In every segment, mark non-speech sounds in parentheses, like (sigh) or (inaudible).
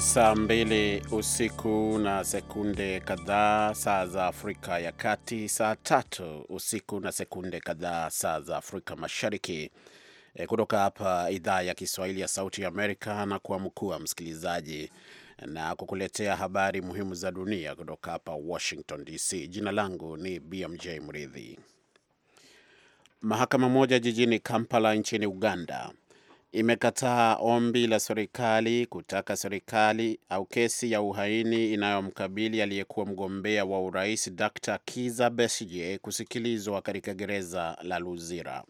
saa mbili usiku na sekunde kadhaa saa za Afrika ya Kati, saa tatu usiku na sekunde kadhaa saa za Afrika Mashariki. E, kutoka hapa idhaa ya Kiswahili ya Sauti ya Amerika na wa msikilizaji na kukuletea habari muhimu za dunia kutoka hapa Washington DC. Jina langu ni BMJ Mridhi. Mahakama moja jijini Kampala nchini Uganda imekataa ombi la serikali kutaka serikali au kesi ya uhaini inayomkabili aliyekuwa mgombea wa urais Dr. Kiza Besige kusikilizwa katika gereza la Luzira.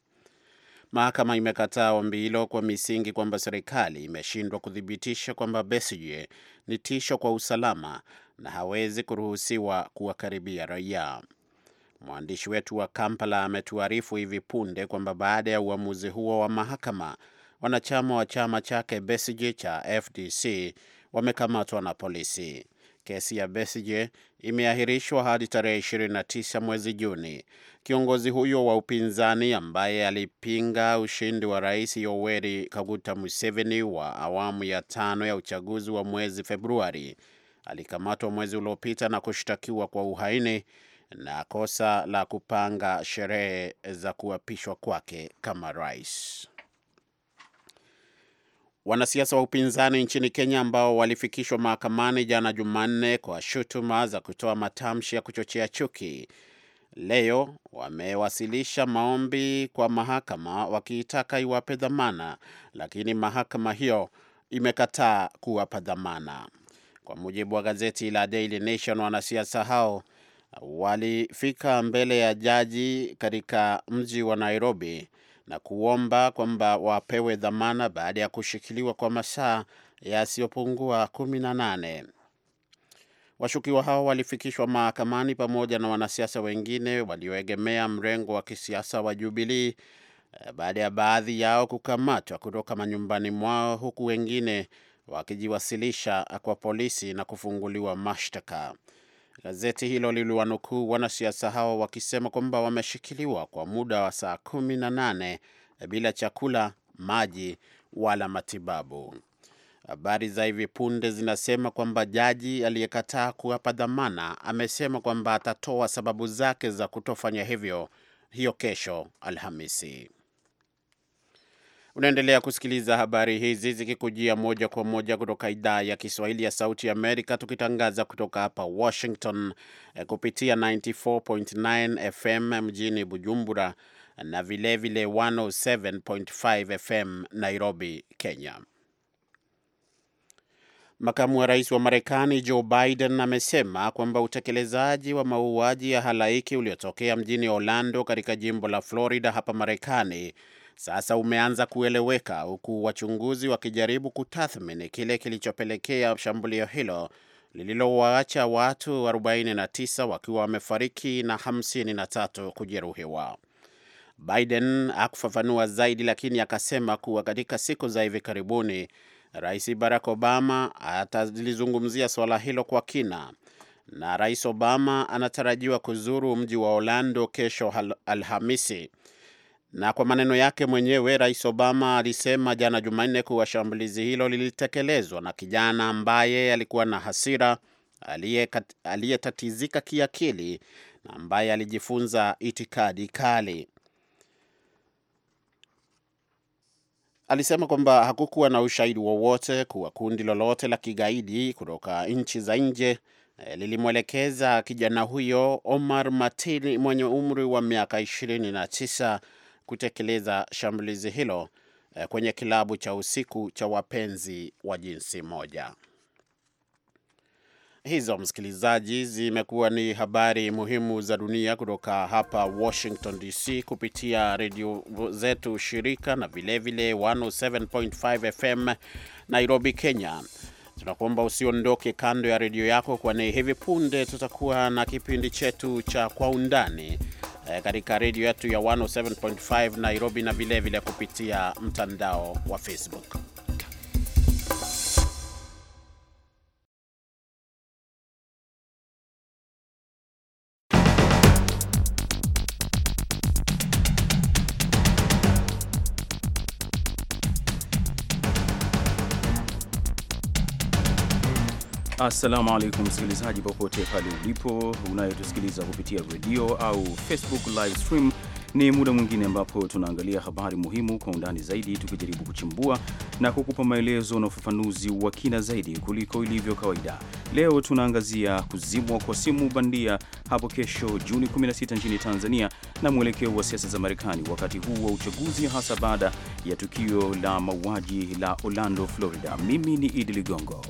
Mahakama imekataa ombi hilo kwa misingi kwamba serikali imeshindwa kuthibitisha kwamba Besige ni tisho kwa usalama na hawezi kuruhusiwa kuwakaribia raia. Mwandishi wetu wa Kampala ametuarifu hivi punde kwamba baada ya uamuzi huo wa mahakama wanachama wa chama chake Besigye cha FDC wamekamatwa na polisi. Kesi ya Besigye imeahirishwa hadi tarehe 29 mwezi Juni. Kiongozi huyo wa upinzani ambaye alipinga ushindi wa Rais Yoweri Kaguta Museveni wa awamu ya tano ya uchaguzi wa mwezi Februari alikamatwa mwezi uliopita na kushtakiwa kwa uhaini na kosa la kupanga sherehe za kuapishwa kwake kama rais. Wanasiasa wa upinzani nchini Kenya ambao walifikishwa mahakamani jana Jumanne kwa shutuma za kutoa matamshi ya kuchochea chuki, leo wamewasilisha maombi kwa mahakama wakiitaka iwape dhamana, lakini mahakama hiyo imekataa kuwapa dhamana. Kwa mujibu wa gazeti la Daily Nation, wanasiasa hao walifika mbele ya jaji katika mji wa Nairobi na kuomba kwamba wapewe dhamana baada ya kushikiliwa kwa masaa yasiyopungua kumi na nane. Washukiwa hao walifikishwa mahakamani pamoja na wanasiasa wengine walioegemea mrengo wa kisiasa wa Jubilii eh, baada ya baadhi yao kukamatwa kutoka manyumbani mwao huku wengine wakijiwasilisha kwa polisi na kufunguliwa mashtaka. Gazeti hilo liliwanukuu wanasiasa hao wakisema kwamba wameshikiliwa kwa muda wa saa kumi na nane bila chakula, maji wala matibabu. Habari za hivi punde zinasema kwamba jaji aliyekataa kuwapa dhamana amesema kwamba atatoa sababu zake za kutofanya hivyo hiyo kesho Alhamisi. Unaendelea kusikiliza habari hizi zikikujia moja kwa moja kutoka idhaa ya Kiswahili ya Sauti Amerika, tukitangaza kutoka hapa Washington eh, kupitia 94.9 FM mjini Bujumbura na vilevile 107.5 FM Nairobi, Kenya. Makamu wa rais wa Marekani Joe Biden amesema kwamba utekelezaji wa mauaji ya halaiki uliotokea mjini Orlando katika jimbo la Florida hapa Marekani sasa umeanza kueleweka, huku wachunguzi wakijaribu kutathmini kile kilichopelekea shambulio hilo lililowaacha watu 49 wakiwa wamefariki na 53 kujeruhiwa. Biden hakufafanua zaidi, lakini akasema kuwa katika siku za hivi karibuni Rais Barack Obama atalizungumzia suala hilo kwa kina, na Rais Obama anatarajiwa kuzuru mji wa Orlando kesho Alhamisi. Na kwa maneno yake mwenyewe, Rais Obama alisema jana Jumanne kuwa shambulizi hilo lilitekelezwa na kijana ambaye alikuwa na hasira, aliyetatizika kiakili na ambaye alijifunza itikadi kali. Alisema kwamba hakukuwa na ushahidi wowote kuwa kundi lolote la kigaidi kutoka nchi za nje eh, lilimwelekeza kijana huyo Omar Matili mwenye umri wa miaka na tisa kutekeleza shambulizi hilo eh, kwenye kilabu cha usiku cha wapenzi wa jinsi moja. Hizo msikilizaji, zimekuwa ni habari muhimu za dunia kutoka hapa Washington DC, kupitia redio zetu shirika na vilevile 107.5 FM Nairobi, Kenya. Tunakuomba usiondoke kando ya redio yako, kwani hivi punde tutakuwa na kipindi chetu cha Kwa Undani eh, katika redio yetu ya 107.5 Nairobi na vilevile kupitia mtandao wa Facebook. Assalamu alaikum msikilizaji, popote pale ulipo unayetusikiliza kupitia redio au Facebook live stream, ni muda mwingine ambapo tunaangalia habari muhimu kwa undani zaidi, tukijaribu kuchimbua na kukupa maelezo na ufafanuzi wa kina zaidi kuliko ilivyo kawaida. Leo tunaangazia kuzimwa kwa simu bandia hapo kesho Juni 16 nchini Tanzania na mwelekeo wa siasa za Marekani wakati huu wa uchaguzi, hasa baada ya tukio la mauaji la Orlando, Florida. Mimi ni Idi Ligongo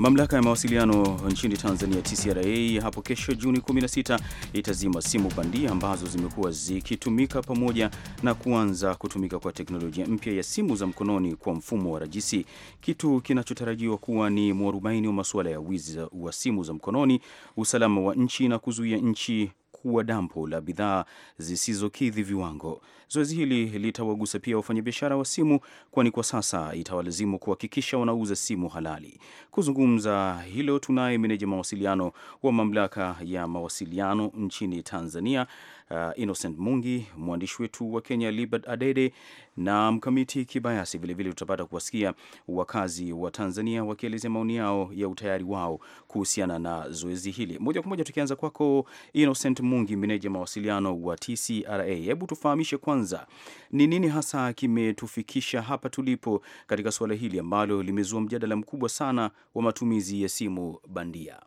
Mamlaka ya mawasiliano nchini Tanzania, TCRA, hapo kesho Juni 16 itazima simu bandia ambazo zimekuwa zikitumika pamoja na kuanza kutumika kwa teknolojia mpya ya simu za mkononi kwa mfumo wa rajisi, kitu kinachotarajiwa kuwa ni mwarubaini wa masuala ya wizi wa simu za mkononi, usalama wa nchi na kuzuia nchi kuwa dampo la bidhaa zisizokidhi viwango. Zoezi hili litawagusa pia wafanyabiashara wa simu, kwani kwa sasa itawalazimu kuhakikisha wanauza simu halali. Kuzungumza hilo, tunaye meneja mawasiliano wa mamlaka ya mawasiliano nchini Tanzania, uh, Innocent Mungi, mwandishi wetu wa Kenya Libert Adede na Mkamiti Kibayasi. Vilevile tutapata kuwasikia wakazi wa Tanzania wakielezea maoni yao ya utayari wao kuhusiana na zoezi hili. Moja kwa moja tukianza kwako Innocent Mungi, meneja mawasiliano wa TCRA, hebu tufahamishe kwanza kwanza ni nini hasa kimetufikisha hapa tulipo katika suala hili ambalo limezua mjadala mkubwa sana wa matumizi ya simu bandia?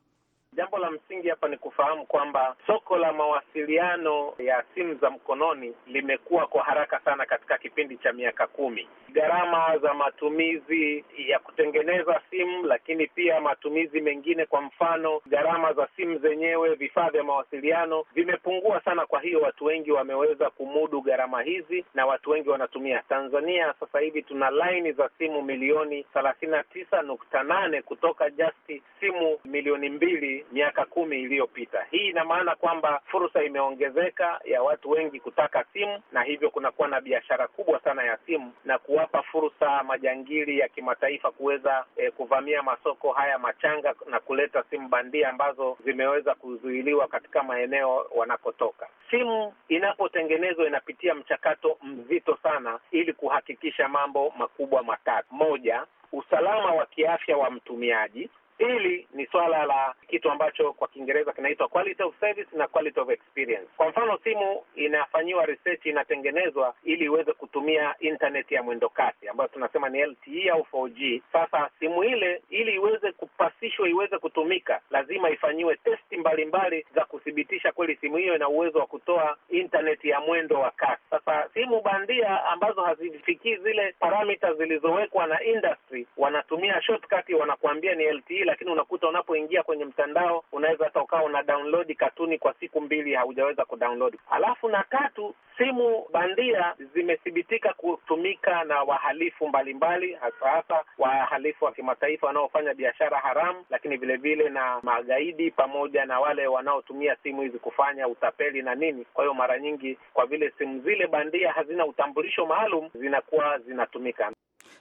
Jambo la msingi hapa ni kufahamu kwamba soko la mawasiliano ya simu za mkononi limekuwa kwa haraka sana katika kipindi cha miaka kumi. Gharama za matumizi ya kutengeneza simu, lakini pia matumizi mengine, kwa mfano gharama za simu zenyewe, vifaa vya mawasiliano vimepungua sana. Kwa hiyo watu wengi wameweza kumudu gharama hizi na watu wengi wanatumia. Tanzania sasa hivi tuna laini za simu milioni thelathini na tisa nukta nane kutoka jasti simu milioni mbili miaka kumi iliyopita. Hii ina maana kwamba fursa imeongezeka ya watu wengi kutaka simu, na hivyo kunakuwa na biashara kubwa sana ya simu na kuwapa fursa majangili ya kimataifa kuweza eh, kuvamia masoko haya machanga na kuleta simu bandia ambazo zimeweza kuzuiliwa katika maeneo wanakotoka. Simu inapotengenezwa inapitia mchakato mzito sana ili kuhakikisha mambo makubwa matatu: moja, usalama wa kiafya wa mtumiaji; Hili ni swala la kitu ambacho kwa Kiingereza kinaitwa quality of service na quality of experience. Kwa mfano, simu inafanyiwa research, inatengenezwa ili iweze kutumia internet ya mwendo kasi ambayo tunasema ni LTE au 4G. Sasa simu ile ili iweze kupasishwa, iweze kutumika, lazima ifanyiwe testi mbalimbali za kuthibitisha kweli simu hiyo ina uwezo wa kutoa internet ya mwendo wa kasi. Sasa simu bandia ambazo hazifikii zile paramita zilizowekwa na industry, wanatumia shortcut, wanakuambia ni LTE lakini unakuta unapoingia kwenye mtandao unaweza hata ukawa una download katuni kwa siku mbili haujaweza kudownload. Alafu na tatu, simu bandia zimethibitika kutumika na wahalifu mbalimbali, hasa hasa wahalifu wa kimataifa wanaofanya biashara haramu, lakini vilevile na magaidi pamoja na wale wanaotumia simu hizi kufanya utapeli na nini. Kwa hiyo mara nyingi, kwa vile simu zile bandia hazina utambulisho maalum, zinakuwa zinatumika.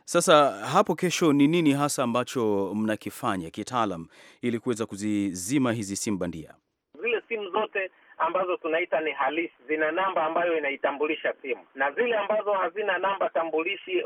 Sasa hapo kesho, ni nini hasa ambacho mnakifanya kitaalam ili kuweza kuzizima hizi simu bandia. Zile simu zote ambazo tunaita ni halisi, zina namba ambayo inaitambulisha simu, na zile ambazo hazina namba tambulishi eh,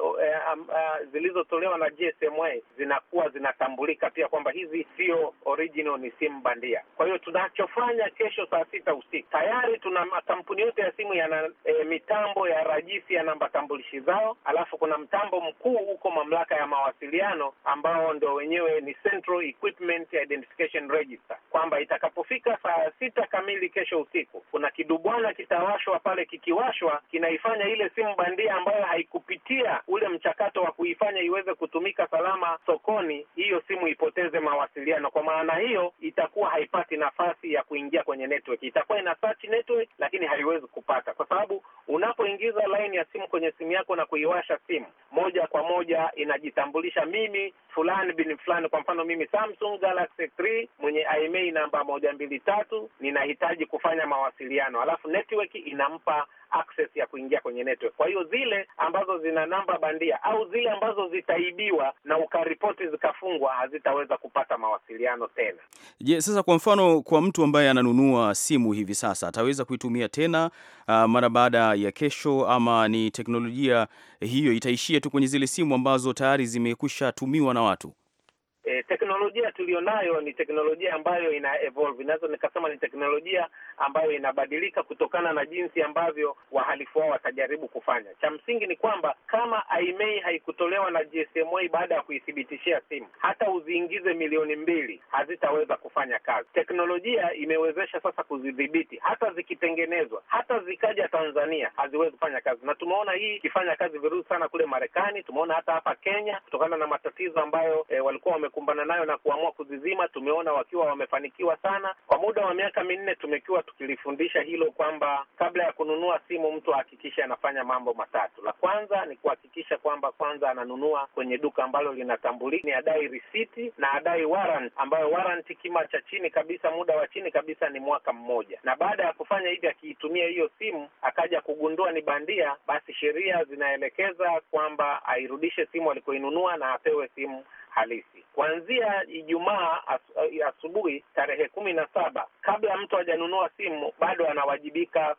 eh, zilizotolewa na GSMA zinakuwa zinatambulika pia kwamba hizi sio original, ni simu bandia. Kwa hiyo tunachofanya kesho saa sita usiku tayari tuna makampuni yote ya simu yana eh, mitambo ya rajisi ya namba tambulishi zao, alafu kuna mtambo mkuu huko mamlaka ya mawasiliano ambao ndo wenyewe ni Central Equipment Identification Register, kwamba itakapofika saa sita kamili kesho usiku. Kuna kidubwana kitawashwa pale, kikiwashwa kinaifanya ile simu bandia ambayo haikupitia ule mchakato wa kuifanya iweze kutumika salama sokoni, hiyo simu ipoteze mawasiliano. Kwa maana hiyo, itakuwa haipati nafasi ya kuingia kwenye network, itakuwa ina search network, lakini haiwezi kupata, kwa sababu Unapoingiza laini ya simu kwenye simu yako na kuiwasha simu, moja kwa moja inajitambulisha, mimi fulani bin fulani. Kwa mfano mimi Samsung Galaxy 3 mwenye IMA namba moja mbili tatu, ninahitaji kufanya mawasiliano, alafu network inampa access ya kuingia kwenye network. Kwa hiyo zile ambazo zina namba bandia au zile ambazo zitaibiwa na ukaripoti zikafungwa, hazitaweza kupata mawasiliano tena. Je, sasa kwa mfano, kwa mtu ambaye ananunua simu hivi sasa ataweza kuitumia tena uh, mara baada ya kesho, ama ni teknolojia hiyo itaishia tu kwenye zile simu ambazo tayari zimekwisha tumiwa na watu? teknolojia tuliyonayo ni teknolojia ambayo ina evolve, naweza nikasema ni teknolojia ambayo inabadilika kutokana na jinsi ambavyo wahalifu wao watajaribu kufanya. Cha msingi ni kwamba kama IMEI e haikutolewa na GSMA baada ya kuithibitishia simu, hata uziingize milioni mbili hazitaweza kufanya kazi. Teknolojia imewezesha sasa kuzidhibiti, hata zikitengenezwa, hata zikaja Tanzania haziwezi kufanya kazi, na tumeona hii ikifanya kazi vizuri sana kule Marekani, tumeona hata hapa Kenya kutokana na matatizo ambayo e, walikuwa wamekumbana nayo na kuamua kuzizima. Tumeona wakiwa wamefanikiwa sana. Kwa muda wa miaka minne tumekiwa tukilifundisha hilo kwamba kabla ya kununua simu mtu ahakikishe anafanya mambo matatu. La kwanza ni kuhakikisha kwamba kwanza ananunua kwenye duka ambalo linatambulika, ni adai risiti na adai warrant, ambayo warrant kima cha chini kabisa, muda wa chini kabisa ni mwaka mmoja. Na baada ya kufanya hivi, akiitumia hiyo simu akaja kugundua ni bandia, basi sheria zinaelekeza kwamba airudishe simu alikoinunua na apewe simu halisi kuanzia Ijumaa eh, asubuhi tarehe kumi na saba, kabla mtu hajanunua simu bado anawajibika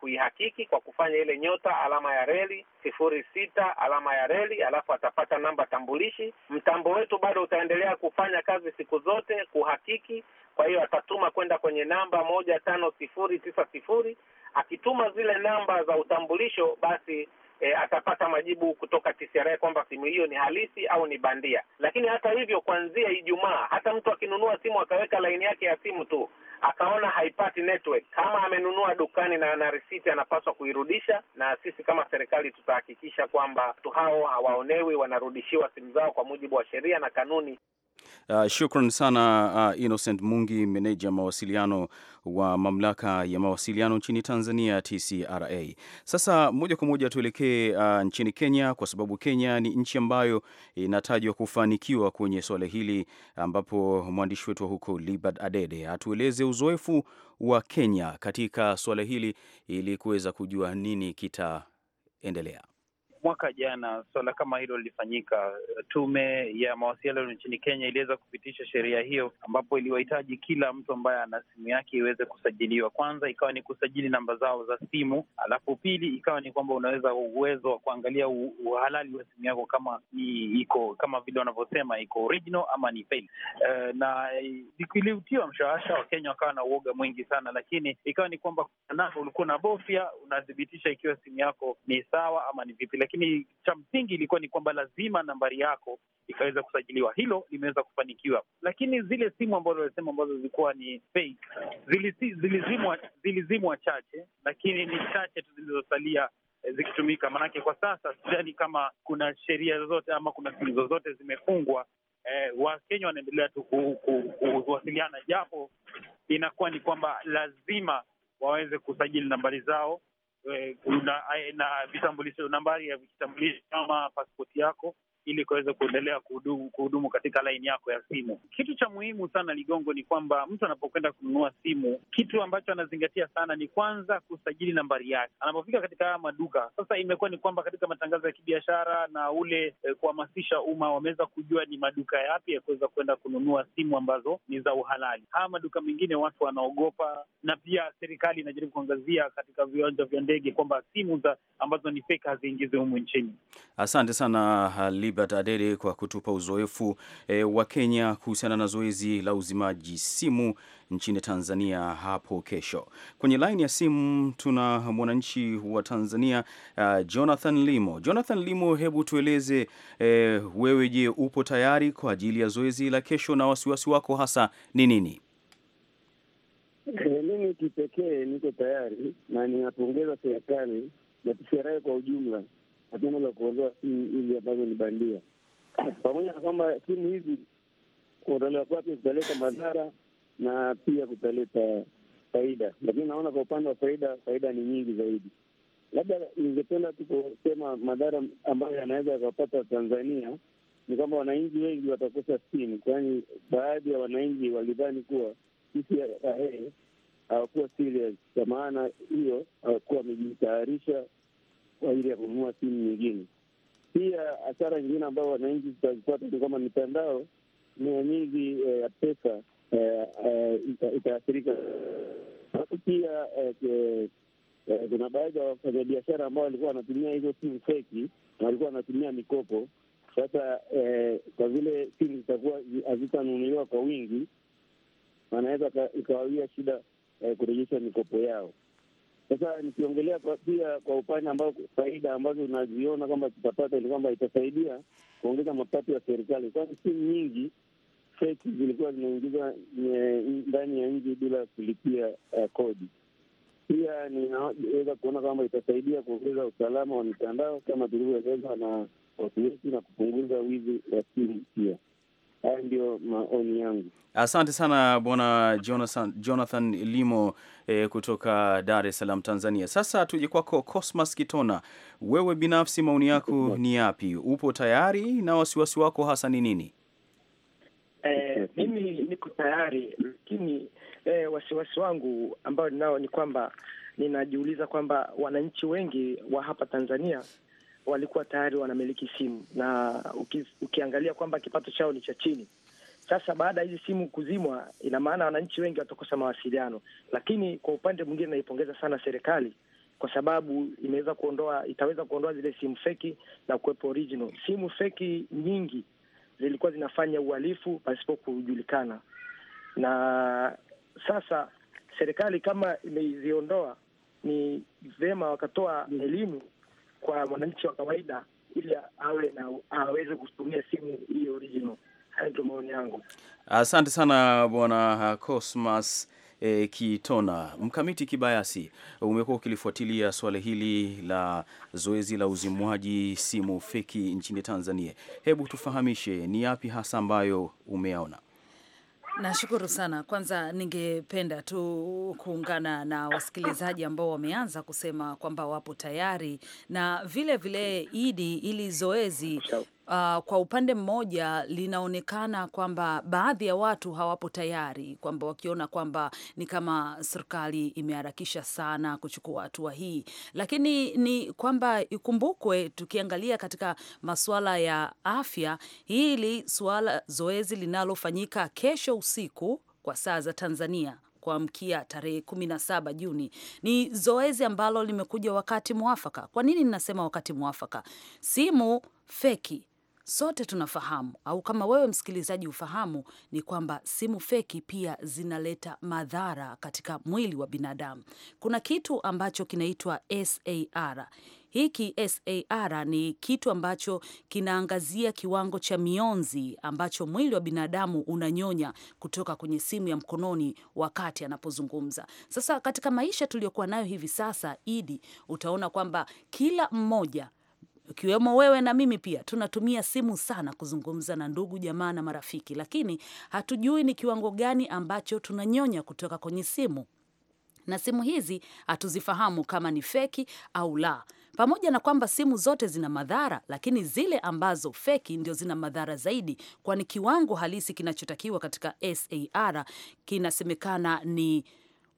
kuihakiki kwa kufanya ile nyota alama ya reli sifuri sita alama ya reli, alafu atapata namba tambulishi. Mtambo wetu bado utaendelea kufanya kazi siku zote kuhakiki. Kwa hiyo atatuma kwenda kwenye namba moja tano sifuri tisa sifuri. Akituma zile namba za utambulisho basi e, atapata majibu kutoka TCRA kwamba simu hiyo ni halisi au ni bandia. Lakini hata hivyo, kuanzia Ijumaa, hata mtu akinunua simu akaweka laini yake ya simu tu akaona haipati network, kama amenunua dukani na ana risiti, anapaswa kuirudisha, na sisi kama serikali tutahakikisha kwamba watu hao hawaonewi, wanarudishiwa simu zao kwa mujibu wa sheria na kanuni. Uh, shukran sana uh, Innocent Mungi, meneja mawasiliano wa mamlaka ya mawasiliano nchini Tanzania TCRA. Sasa moja kwa moja tuelekee uh, nchini Kenya kwa sababu Kenya ni nchi ambayo inatajwa eh, kufanikiwa kwenye suala hili ambapo mwandishi wetu wa huko Libert Adede atueleze uzoefu wa Kenya katika suala hili ili kuweza kujua nini kitaendelea mwaka jana suala kama hilo lilifanyika. Tume ya mawasiliano nchini Kenya iliweza kupitisha sheria hiyo, ambapo iliwahitaji kila mtu ambaye ana simu yake iweze kusajiliwa. Kwanza ikawa ni kusajili namba zao za simu, alafu pili ikawa ni kwamba unaweza uwezo wa kuangalia uhalali wa simu yako kama ni iko kama vile wanavyosema iko original ama ni Uh, na iliutiwa mshawasha, Wakenya wakawa na uoga mwingi sana, lakini ikawa ni kwamba ulikuwa na bofya unathibitisha ikiwa simu yako ni sawa ama ni vipi, lakini lakini cha msingi ilikuwa ni kwamba lazima nambari yako ikaweza kusajiliwa. Hilo limeweza kufanikiwa, lakini zile simu ambazo walisema ambazo zilikuwa ni fake zilizimwa, zilizimwa chache, lakini ni chache tu zilizosalia eh, zikitumika. Maanake kwa sasa sidhani kama kuna sheria zozote ama kuna simu zozote zimefungwa. Eh, Wakenya wanaendelea tu kuwasiliana, japo inakuwa ni kwamba lazima waweze kusajili nambari zao eh, una, eh, na vitambulisho, nambari ya vitambulisho kama pasipoti yako ili kuweza kuendelea kuhudumu, kuhudumu katika laini yako ya simu. Kitu cha muhimu sana Ligongo ni kwamba mtu anapokwenda kununua simu, kitu ambacho anazingatia sana ni kwanza kusajili nambari yake anapofika katika haya maduka. Sasa imekuwa ni kwamba katika matangazo ya kibiashara na ule e, kuhamasisha umma, wameweza kujua ni maduka yapi ya kuweza kwenda kununua simu ambazo ni za uhalali. Haya maduka mengine watu wanaogopa, na pia serikali inajaribu kuangazia katika viwanja vya ndege kwamba simu za ambazo ni feki haziingizwe humu nchini. Asante sana hali Filibert Adede kwa kutupa uzoefu e, wa Kenya kuhusiana na zoezi la uzimaji simu nchini Tanzania hapo kesho. Kwenye laini ya simu tuna mwananchi wa Tanzania uh, Jonathan Limo. Jonathan Limo, hebu tueleze e, wewe, je, upo tayari kwa ajili ya zoezi la kesho na wasiwasi wako hasa ni nini? Mimi kipekee niko tayari na ninapongeza serikali na kwa ujumla hatuna la kuondoa simu hizi ambazo ni bandia, (clears throat) pamoja na kwamba simu hizi kuondolewa kwake kutaleta madhara na pia kutaleta faida, lakini naona kwa upande wa faida, faida ni nyingi zaidi. Labda ningependa tu kusema madhara ambayo yanaweza yakapata Tanzania ni kwamba wananchi wengi watakosa simu, kwani baadhi ya wananchi walidhani kuwa ahee hawakuwa serious, kwa maana hiyo hawakuwa wamejitayarisha kwa ajili ya kununua simu nyingine. Pia hasara nyingine ambayo wananchi zitazipata ni kwamba mitandao mia nyingi eh, ya pesa eh, eh, itaathirika. Alafu pia kuna baadhi ya wafanyabiashara ambao walikuwa wanatumia hizo simu feki, walikuwa wanatumia mikopo. Sasa kwa vile simu zitakuwa hazitanunuliwa kwa wingi, wanaweza ikawawia shida kurejesha mikopo yao. Sasa nikiongelea pia kwa upande ambao faida ambazo unaziona kwamba tutapata ni kwamba itasaidia kuongeza mapato ya serikali, kwani simu nyingi feki zilikuwa zinaingizwa eh, ndani ya nchi bila kulipia uh, kodi. Pia ninaweza kuona kwamba itasaidia kuongeza usalama wa mitandao kama tulivyoelezwa na watu wetu na kupunguza wizi wa simu pia. Hayo ndio maoni yangu. Asante sana bwana Jonathan, Jonathan Limo e, kutoka Dar es Salaam Tanzania. Sasa tuje kwako Cosmas Kitona, wewe binafsi maoni yako ni yapi? Upo tayari na wasiwasi wako hasa ni nini? E, mimi niko tayari lakini e, wasiwasi wangu ambao ninao ni kwamba ninajiuliza kwamba wananchi wengi wa hapa Tanzania walikuwa tayari wanamiliki simu na uki, ukiangalia kwamba kipato chao ni cha chini. Sasa baada ya hizi simu kuzimwa, ina maana wananchi wengi watakosa mawasiliano. Lakini kwa upande mwingine, naipongeza sana serikali kwa sababu imeweza kuondoa, itaweza kuondoa zile simu feki na kuwepo original. Simu feki nyingi zilikuwa zinafanya uhalifu pasipo kujulikana, na sasa serikali kama imeziondoa, ni vema wakatoa elimu kwa mwananchi wa kawaida ili awe na aweze kutumia simu hii original. Hayo ndio maoni yangu. Asante sana Bwana Cosmas E, Kitona Mkamiti Kibayasi, umekuwa ukilifuatilia suala hili la zoezi la uzimwaji simu feki nchini Tanzania. Hebu tufahamishe ni yapi hasa ambayo umeaona Nashukuru sana. Kwanza ningependa tu kuungana na wasikilizaji ambao wameanza kusema kwamba wapo tayari na vile vile idi ili zoezi Uh, kwa upande mmoja linaonekana kwamba baadhi ya watu hawapo tayari, kwamba wakiona kwamba ni kama serikali imeharakisha sana kuchukua hatua hii, lakini ni kwamba ikumbukwe, tukiangalia katika masuala ya afya, hili suala zoezi linalofanyika kesho usiku kwa saa za Tanzania kuamkia tarehe 17 Juni ni zoezi ambalo limekuja wakati mwafaka. Kwa nini ninasema wakati mwafaka? Simu feki sote tunafahamu au kama wewe msikilizaji ufahamu, ni kwamba simu feki pia zinaleta madhara katika mwili wa binadamu. Kuna kitu ambacho kinaitwa SAR. Hiki SAR ni kitu ambacho kinaangazia kiwango cha mionzi ambacho mwili wa binadamu unanyonya kutoka kwenye simu ya mkononi wakati anapozungumza. Sasa katika maisha tuliyokuwa nayo hivi sasa, Idi, utaona kwamba kila mmoja ikiwemo wewe na mimi pia tunatumia simu sana kuzungumza na ndugu jamaa na marafiki, lakini hatujui ni kiwango gani ambacho tunanyonya kutoka kwenye simu, na simu hizi hatuzifahamu kama ni feki au la. Pamoja na kwamba simu zote zina madhara, lakini zile ambazo feki ndio zina madhara zaidi, kwani kiwango halisi kinachotakiwa katika SAR kinasemekana ni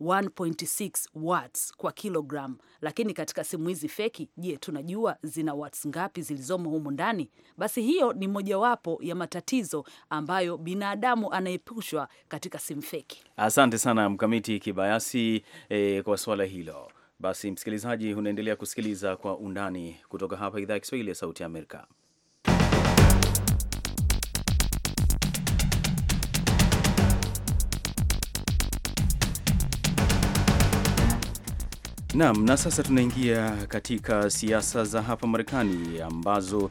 1.6 watts kwa kilogram, lakini katika simu hizi feki, je, tunajua zina watts ngapi zilizomo humu ndani? Basi hiyo ni mojawapo ya matatizo ambayo binadamu anaepushwa katika simu feki. Asante sana Mkamiti Kibayasi eh, kwa suala hilo. Basi msikilizaji, unaendelea kusikiliza Kwa Undani kutoka hapa idhaa ya Kiswahili ya Sauti ya Amerika. Naam, na sasa tunaingia katika siasa za hapa Marekani ambazo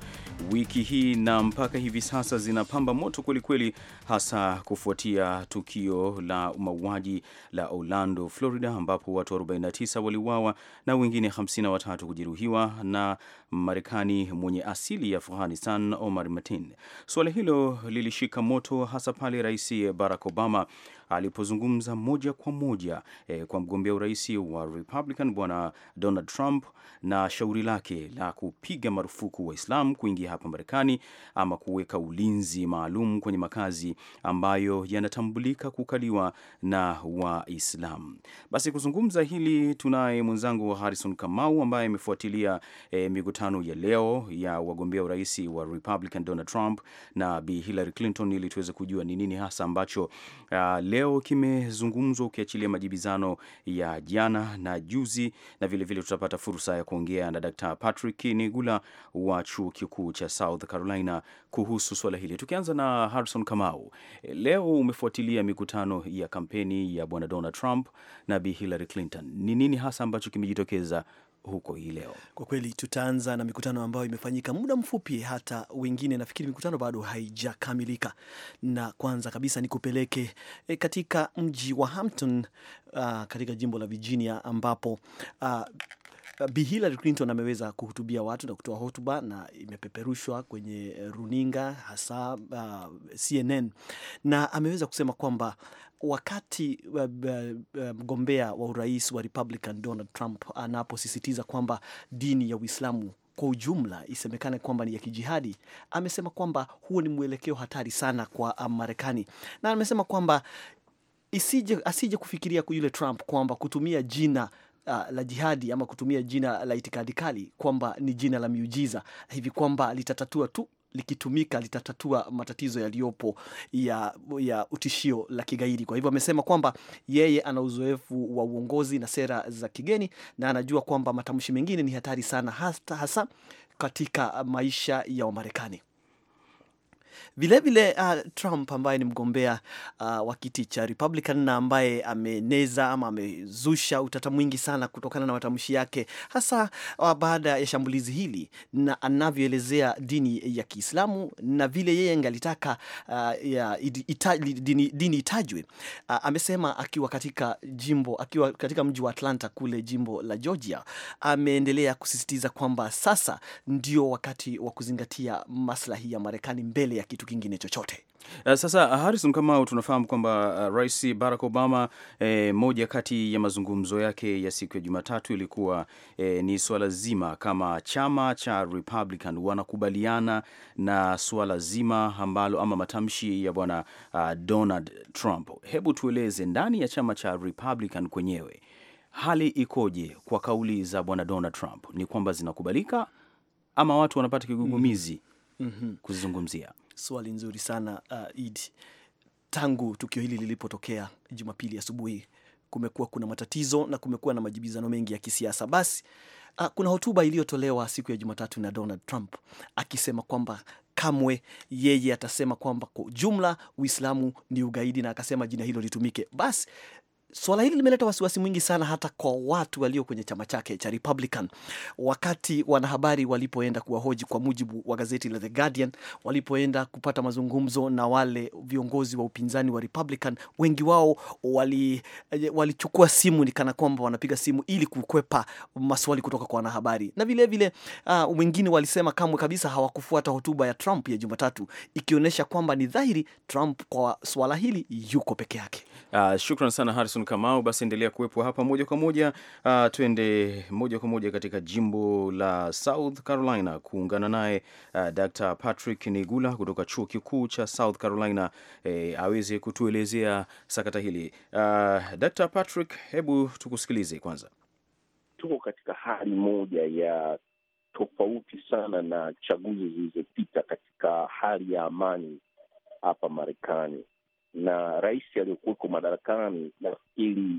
wiki hii na mpaka hivi sasa zinapamba moto kwelikweli, hasa kufuatia tukio la mauaji la Orlando, Florida, ambapo watu 49 waliuawa na wengine 53 kujeruhiwa na Marekani mwenye asili ya Afghanistan Omar Martin. Suala hilo lilishika moto hasa pale Rais Barack Obama alipozungumza moja kwa moja eh, kwa mgombea urais wa Republican bwana Donald Trump na shauri lake la kupiga marufuku Waislamu kuingia hapa Marekani ama kuweka ulinzi maalum kwenye makazi ambayo yanatambulika kukaliwa na Waislamu. Basi kuzungumza hili tunaye mwenzangu Harrison Kamau ambaye amefuatilia eh, mikutano ya leo ya wagombea urais wa Republican Donald Trump na Bi Hillary Clinton ili tuweze kujua ni nini hasa ambacho uh, leo kimezungumzwa ukiachilia majibizano ya jana na juzi, na vilevile vile tutapata fursa ya kuongea na Dr. Patrick Nigula wa chuo kikuu cha South Carolina kuhusu swala hili. Tukianza na Harrison Kamau, leo umefuatilia mikutano ya kampeni ya bwana Donald Trump na Bi Hillary Clinton, ni nini hasa ambacho kimejitokeza huko hii leo. Kwa kweli, tutaanza na mikutano ambayo imefanyika muda mfupi, hata wengine nafikiri mikutano bado haijakamilika. Na kwanza kabisa ni kupeleke e, katika mji wa Hampton, a, katika jimbo la Virginia ambapo a, Bi Hillary Clinton ameweza kuhutubia watu na kutoa hotuba na imepeperushwa kwenye eh, runinga hasa uh, ah, CNN na ameweza kusema kwamba wakati eh, eh, mgombea wa urais wa Republican Donald Trump anaposisitiza kwamba dini ya Uislamu kwa ujumla isemekane kwamba ni ya kijihadi, amesema kwamba huo ni mwelekeo hatari sana kwa ah, Marekani, na amesema kwamba isije asije kufikiria yule Trump kwamba kutumia jina uh, la jihadi ama kutumia jina la itikadi kali kwamba ni jina la miujiza hivi kwamba litatatua tu likitumika litatatua matatizo yaliyopo ya, ya utishio la kigaidi. Kwa hivyo amesema kwamba yeye ana uzoefu wa uongozi na sera za kigeni na anajua kwamba matamshi mengine ni hatari sana hasa, hasa katika maisha ya Wamarekani. Vilevile uh, ah, Trump ambaye ni mgombea uh, wa kiti cha Republican na ambaye ameneza ama amezusha utata mwingi sana kutokana na matamshi yake, hasa uh, baada ya shambulizi hili na anavyoelezea dini ya Kiislamu na vile yeye angalitaka uh, ya, ita, dini, dini itajwe uh, amesema akiwa katika jimbo akiwa katika mji wa Atlanta kule jimbo la Georgia, ameendelea kusisitiza kwamba sasa ndio wakati wa kuzingatia maslahi ya Marekani mbele ya kitu kingine chochote. Eh, sasa eh, Harrison Kamau, tunafahamu kwamba uh, Rais Barack Obama eh, moja kati ya mazungumzo yake ya siku ya Jumatatu ilikuwa eh, ni swala zima kama chama cha Republican wanakubaliana na swala zima ambalo ama matamshi ya bwana uh, Donald Trump. Hebu tueleze ndani ya chama cha Republican kwenyewe hali ikoje kwa kauli za bwana Donald Trump? Ni kwamba zinakubalika ama watu wanapata kigugumizi mm mm-hmm. -hmm. kuzizungumzia? Swali nzuri sana uh, Id. Tangu tukio hili lilipotokea Jumapili asubuhi, kumekuwa kuna matatizo na kumekuwa na majibizano mengi ya kisiasa. Basi uh, kuna hotuba iliyotolewa siku ya Jumatatu na Donald Trump akisema kwamba kamwe yeye atasema kwamba kwa ujumla Uislamu ni ugaidi, na akasema jina hilo litumike. Basi Swala hili limeleta wasiwasi mwingi sana hata kwa watu walio kwenye chama chake cha Republican. Wakati wanahabari walipoenda kuwahoji, kwa mujibu wa gazeti la The Guardian, walipoenda kupata mazungumzo na wale viongozi wa upinzani wa Republican, wengi wao eh, walichukua wali simu, ni kana kwamba wanapiga simu ili kukwepa maswali kutoka kwa wanahabari, na vilevile ah, wengine uh, walisema kamwe kabisa hawakufuata hotuba ya Trump ya Jumatatu, ikionyesha kwamba ni dhahiri Trump kwa swala hili yuko peke yake. Uh, shukran sana Harrison Kamau. Basi endelea kuwepo hapa moja kwa moja. Uh, ah, tuende moja kwa moja katika jimbo la South Carolina kuungana naye uh, Dr. Patrick Nigula kutoka chuo kikuu cha South Carolina eh, aweze kutuelezea sakata hili. Uh, Dr. Patrick, hebu tukusikilize kwanza. Tuko katika hali moja ya tofauti sana na chaguzi zilizopita katika hali ya amani hapa Marekani na rais aliyokuweko madarakani nafikiri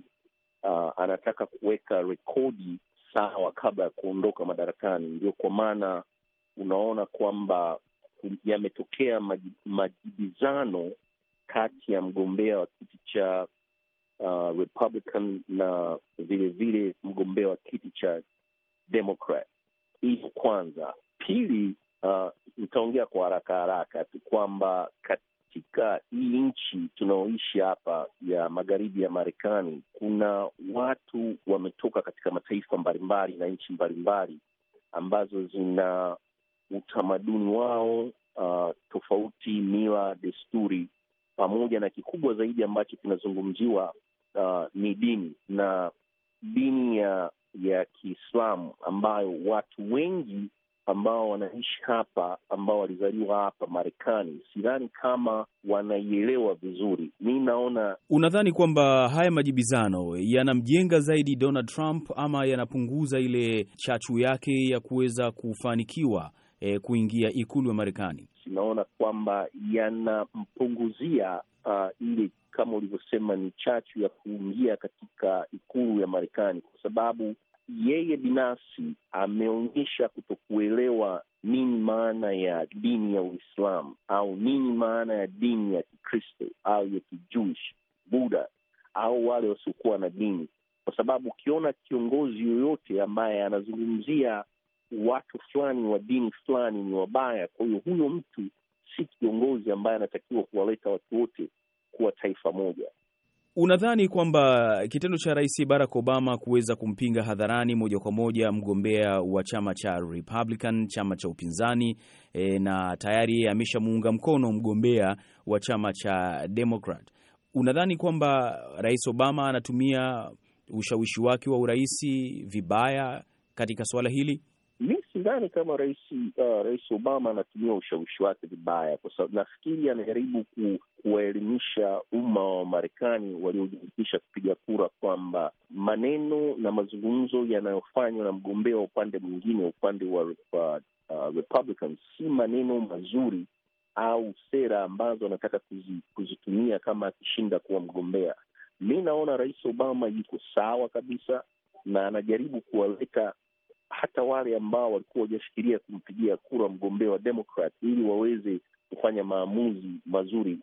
uh, anataka kuweka rekodi sawa kabla ya kuondoka madarakani. Ndio kwa maana unaona kwamba yametokea majibizano kati ya mgombea wa kiti cha uh, Republican na vilevile mgombea wa kiti cha Democrat. Hiyo kwanza. Pili, uh, nitaongea uh, kwa haraka haraka tu kwamba katika hii nchi tunaoishi hapa ya magharibi ya Marekani, kuna watu wametoka katika mataifa mbalimbali na nchi mbalimbali ambazo zina utamaduni wao uh, tofauti, mila, desturi, pamoja na kikubwa zaidi ambacho kinazungumziwa uh, ni dini na dini ya ya Kiislamu ambayo watu wengi ambao wanaishi hapa ambao walizaliwa hapa Marekani, sidhani kama wanaielewa vizuri. Mi naona. Unadhani kwamba haya majibizano yanamjenga zaidi Donald Trump ama yanapunguza ile chachu yake ya kuweza kufanikiwa eh, kuingia ikulu ya Marekani? inaona kwamba yanampunguzia uh, ile kama ulivyosema ni chachu ya kuingia katika ikulu ya Marekani kwa sababu yeye binafsi ameonyesha kutokuelewa nini maana ya dini ya Uislamu au nini maana ya dini ya Kikristo au ya Kijuish, buda au wale wasiokuwa na dini, kwa sababu ukiona kiongozi yoyote ambaye anazungumzia watu fulani wa dini fulani ni wabaya, kwa hiyo huyo mtu si kiongozi ambaye anatakiwa kuwaleta watu wote kuwa taifa moja. Unadhani kwamba kitendo cha Rais Barack Obama kuweza kumpinga hadharani moja kwa moja mgombea wa chama cha Republican, chama cha upinzani e, na tayari ameshamuunga mkono mgombea wa chama cha Democrat, unadhani kwamba Rais Obama anatumia ushawishi wake wa uraisi vibaya katika suala hili? sidhani kama rais uh, rais Obama anatumia ushawishi wake vibaya, kwa sababu nafikiri anajaribu ku, kuwaelimisha umma wa Marekani waliojihusisha kupiga kura kwamba maneno na mazungumzo yanayofanywa na mgombea wa upande mwingine, upande wa uh, Republicans, si maneno mazuri au sera ambazo anataka kuzi, kuzitumia kama akishinda kuwa mgombea. Mi naona rais Obama yuko sawa kabisa na anajaribu kuwaweka hata wale ambao walikuwa wajafikiria kumpigia kura mgombea wa Demokrat ili waweze kufanya maamuzi mazuri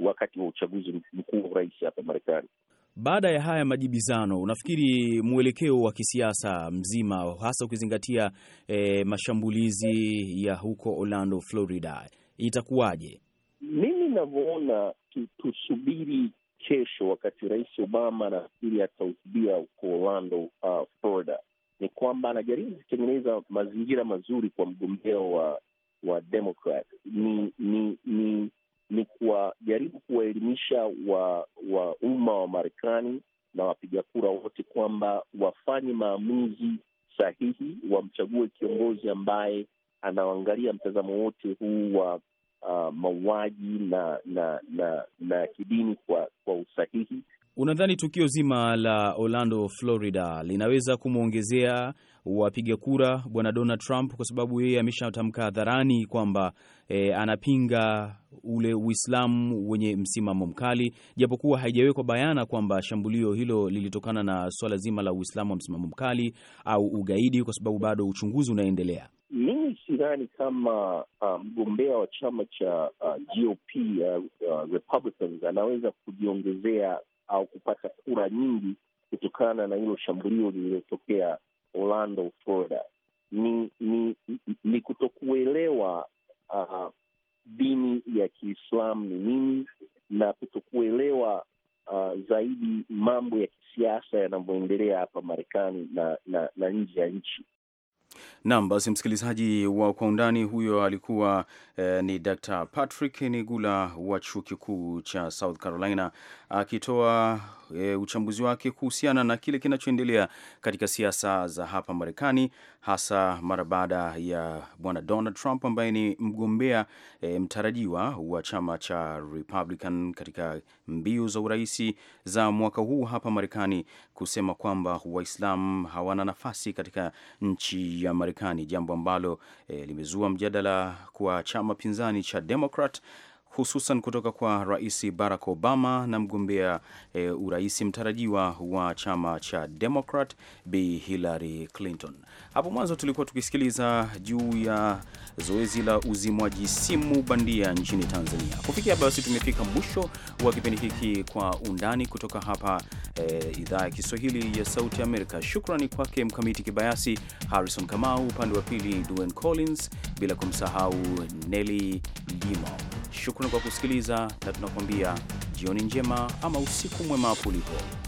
wakati wa uchaguzi mkuu wa urais hapa Marekani. Baada ya haya majibizano, unafikiri mwelekeo wa kisiasa mzima, hasa ukizingatia e, mashambulizi ya huko Orlando, Florida, itakuwaje? Mimi navyoona, tusubiri kesho, wakati Rais Obama nafikiri atahutubia huko Orlando, uh, Florida ni kwamba anajaribu kutengeneza mazingira mazuri kwa mgombea wa wa Democrat. Ni ni ni ni kuwajaribu kuwaelimisha wa wa umma wa Marekani na wapiga kura wote kwamba wafanye maamuzi sahihi, wamchague kiongozi ambaye anaangalia mtazamo wote huu wa uh, mauaji na na na na kidini kwa kwa usahihi Unadhani tukio zima la Orlando, Florida linaweza kumwongezea wapiga kura bwana Donald Trump kwa sababu yeye ameshatamka hadharani kwamba e, anapinga ule Uislamu wenye msimamo mkali, japokuwa haijawekwa bayana kwamba shambulio hilo lilitokana na swala zima la Uislamu wa msimamo mkali au ugaidi, kwa sababu bado uchunguzi unaendelea. Mimi sidhani kama ah, mgombea um, wa chama cha uh, ah, GOP uh, ah, uh, Republicans anaweza kujiongezea au kupata kura nyingi kutokana na hilo shambulio lililotokea Orlando, Florida. Ni ni, ni kutokuelewa uh, dini ya Kiislamu ni nini na kutokuelewa uh, zaidi mambo ya kisiasa yanavyoendelea hapa Marekani na na, na nje ya nchi. Naam, basi msikilizaji wa kwa undani huyo alikuwa eh, ni Dr. Patrick Nigula wa chuo kikuu cha South Carolina akitoa e, uchambuzi wake kuhusiana na kile kinachoendelea katika siasa za hapa Marekani, hasa mara baada ya bwana Donald Trump ambaye ni mgombea e, mtarajiwa wa chama cha Republican katika mbio za uraisi za mwaka huu hapa Marekani kusema kwamba waislam hawana nafasi katika nchi ya Marekani, jambo ambalo e, limezua mjadala kwa chama pinzani cha Democrat hususan kutoka kwa Rais Barack Obama na mgombea e, urais mtarajiwa wa chama cha Democrat Bi Hillary Clinton. Hapo mwanzo tulikuwa tukisikiliza juu ya zoezi la uzimwaji simu bandia nchini Tanzania. Kufikia basi, tumefika mwisho wa kipindi hiki kwa undani kutoka hapa e, idhaa ya Kiswahili ya Sauti Amerika. Shukrani kwake Mkamiti Kibayasi, Harrison Kamau upande wa pili, Dwayne Collins, bila kumsahau Nelly Limo. Shukrani kwa kusikiliza na tunakuambia jioni njema ama usiku mwema hapo ulipo.